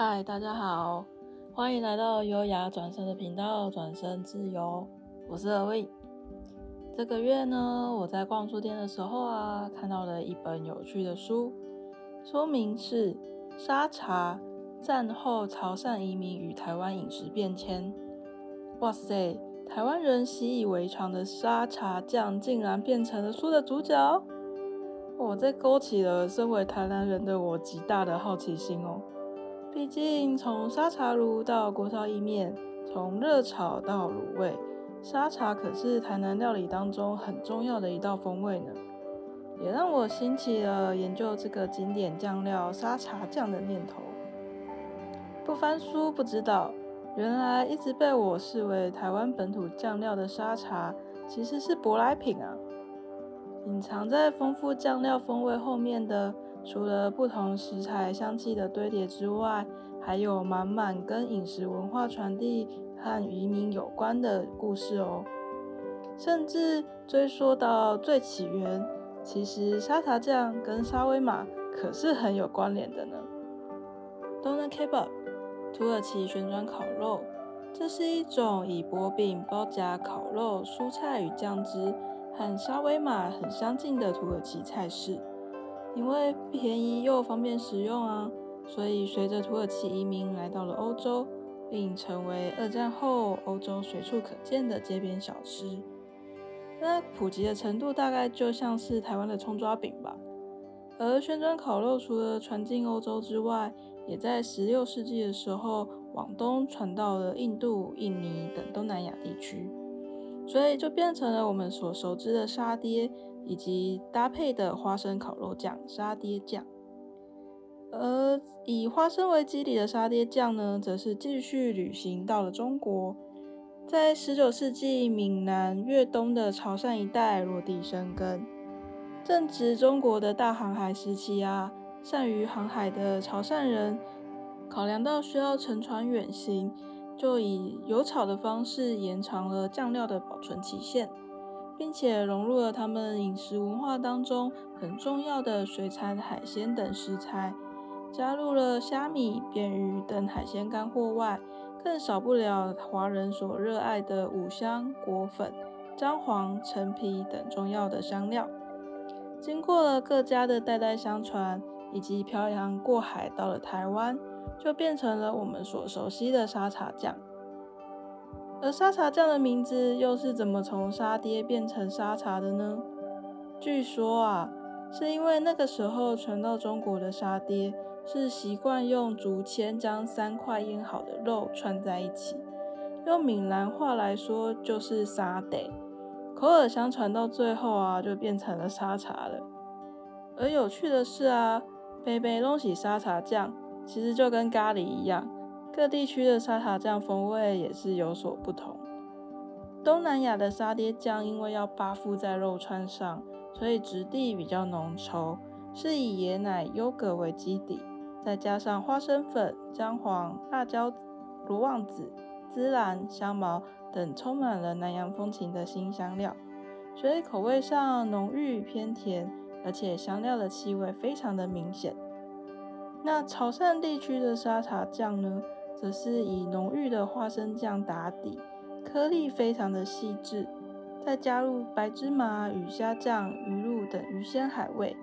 嗨，大家好，歡迎來到優雅轉身的頻道，轉身自由，我是二位。這個月呢，我在逛書店的時候啊，看到了一本有趣的書，書名是《沙茶戰後潮汕移民與台灣飲食變遷》。哇塞，台灣人習以為常的沙茶醬竟然變成了書的主角，我這勾起了身為台南人的我極大的好奇心哦。畢竟，從沙茶爐到鍋燒意麵，從熱炒到滷味，沙茶可是台南料理當中很重要的一道風味呢。也讓我興起了研究這個經典醬料沙茶醬的念頭。不翻書不知道，原來一直被我視為台灣本土醬料的沙茶，其實是舶來品啊。隱藏在豐富醬料風味後面的。除了不同食材香氣的堆疊之外，還有滿滿跟飲食文化傳遞和移民有關的故事哦。甚至追溯到最起源，其實沙茶醬跟沙威瑪可是很有關聯的呢。Doner Kebab，土耳其旋轉烤肉，這是一種以薄餅包夾烤肉、蔬菜與醬汁，和沙威瑪很相近的土耳其菜式。因為便宜又方便食用啊，所以隨着土耳其移民來到了歐洲，並成為二戰後歐洲隨處可見的街邊小吃。那普及的程度大概就像是台灣的蔥抓餅吧。而旋轉烤肉除了傳進歐洲之外，也在十六世紀的時候往東傳到了印度、印尼等東南亞地區。所以就變成了我們所熟知的沙爹，以及搭配的花生烤肉醬、沙爹醬。而以花生為基底的沙爹醬呢，則是繼續旅行到了中國，在十九世紀閩南、粵東的潮汕一帶落地生根。正值中國的大航海時期啊，善於航海的潮汕人，考量到需要乘船遠行。就以油炒的方式延長了醬料的保存期限，並且融入了他們飲食文化當中很重要的水產、海鮮等食材。加入了蝦米、扁魚等海鮮乾貨外，更少不了華人所熱愛的五香、果粉、薑黃、陳皮等重要的香料。經過了各家的代代相傳。以及漂洋過海到了台灣，就變成了我們所熟悉的沙茶醬。而沙茶醬的名字又是怎麼從沙爹變成沙茶的呢？據說啊，是因為那個時候傳到中國的沙爹是習慣用竹籤將三塊醃好的肉串在一起，用閩南話來說，就是沙爹。口耳相傳到最後啊，就變成了沙茶了。而有趣的是啊，杯杯隆起沙茶醬，其實就跟咖喱一樣，各地區的沙茶醬風味也是有所不同。東南亞的沙爹醬因為要巴附在肉串上，所以質地比較濃稠，是以椰奶、優格為基底，再加上花生粉、薑黃、辣椒、羅望子、孜然、香茅等充滿了南洋風情的辛香料，所以口味上濃郁偏甜。而且香料的氣味非常的明顯。那潮汕地區的沙茶醬呢，則是以濃郁的花生醬打底，顆粒非常的細緻，再加入白芝麻、魚蝦醬、魚露等魚鮮海味，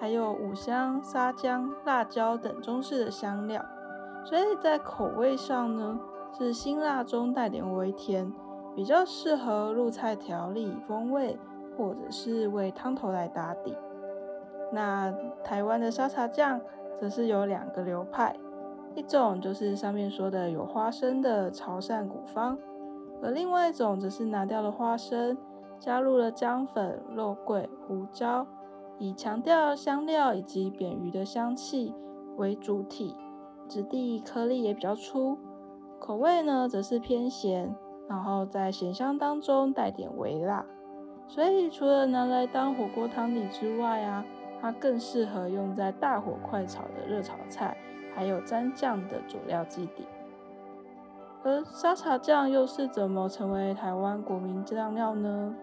還有五香、沙薑、辣椒等中式的香料。所以在口味上呢，是辛辣中帶點微甜，比較適合入菜調理風味，或者是為湯頭來打底。那台灣的沙茶醬則是有兩個流派，一種就是上面說的有花生的潮汕古方，而另外一種則是拿掉了花生，加入了薑粉、肉桂、胡椒，以強調香料以及扁魚的香氣為主體，質地顆粒也比較粗，口味呢則是偏鹹，然後在鹹香當中帶點微辣，所以除了拿來當火鍋湯底之外啊。它更適合用在大火快炒的熱炒菜，還有蘸醬的主料基底。而沙茶醬又是怎麼成為台灣國民醬料呢？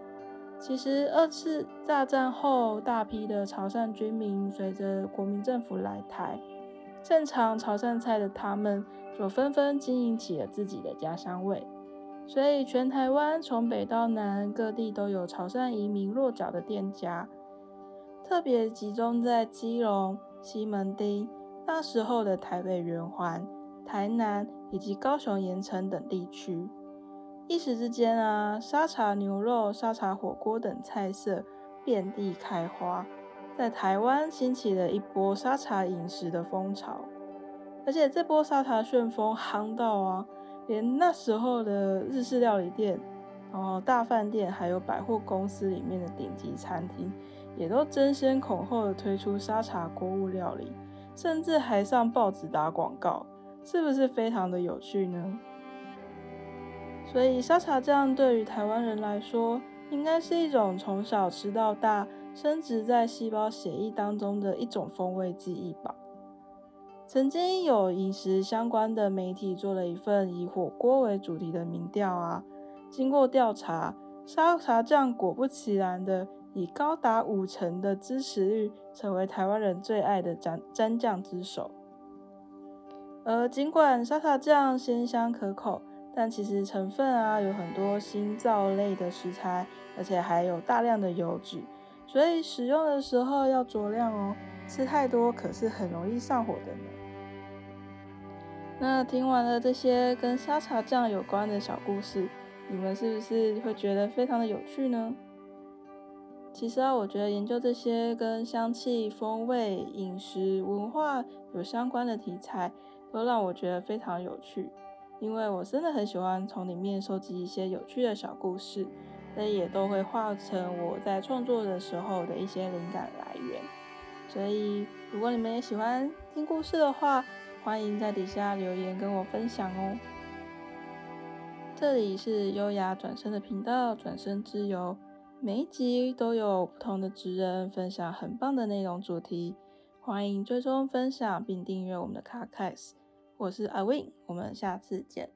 其實二次大戰後，大批的潮汕居民隨着國民政府來台，擅長潮汕菜的他們就紛紛經營起了自己的家鄉味，所以全台灣從北到南，各地都有潮汕移民落腳的店家。特別集中在基隆、西門町、那時候的台北圓環、台南以及高雄鹽埕等地區。一時之間啊，沙茶牛肉、沙茶火鍋等菜色遍地開花，在台灣掀起了一波沙茶飲食的風潮。而且這波沙茶旋風夯到啊，連那時候的日式料理店、然後大飯店，還有百貨公司裡面的頂級餐廳。也都爭先恐後的推出沙茶鍋物料理，甚至還上報紙打廣告，是不是非常的有趣呢？所以沙茶醬對於台灣人來說，應該是一種從小吃到大，深植在細胞血液當中的一種風味記憶吧。曾經有飲食相關的媒體做了一份以火鍋為主題的民調啊，經過調查，沙茶醬果不其然的，以高達五成的支持率，成為台灣人最愛的蘸蘸醬之首。而儘管沙茶醬鮮香可口，但其實成分啊有很多辛燥類的食材，而且還有大量的油脂，所以使用的時候要酌量哦。吃太多可是很容易上火的呢。那聽完了這些跟沙茶醬有關的小故事，你們是不是會覺得非常的有趣呢？其實啊，我覺得研究這些跟香氣、風味、飲食、文化有相關的題材，都讓我覺得非常有趣。因為我真的很喜歡從裡面收集一些有趣的小故事，所以也都會化成我在創作的時候的一些靈感來源。所以，如果你們也喜歡聽故事的話，歡迎在底下留言跟我分享哦。這裡是優雅轉身的頻道，轉身自由。每一集都有不同的職人分享很棒的內容主題，歡迎追蹤分享並訂閱我們的 Podcast。我是 Awind，我們下次見。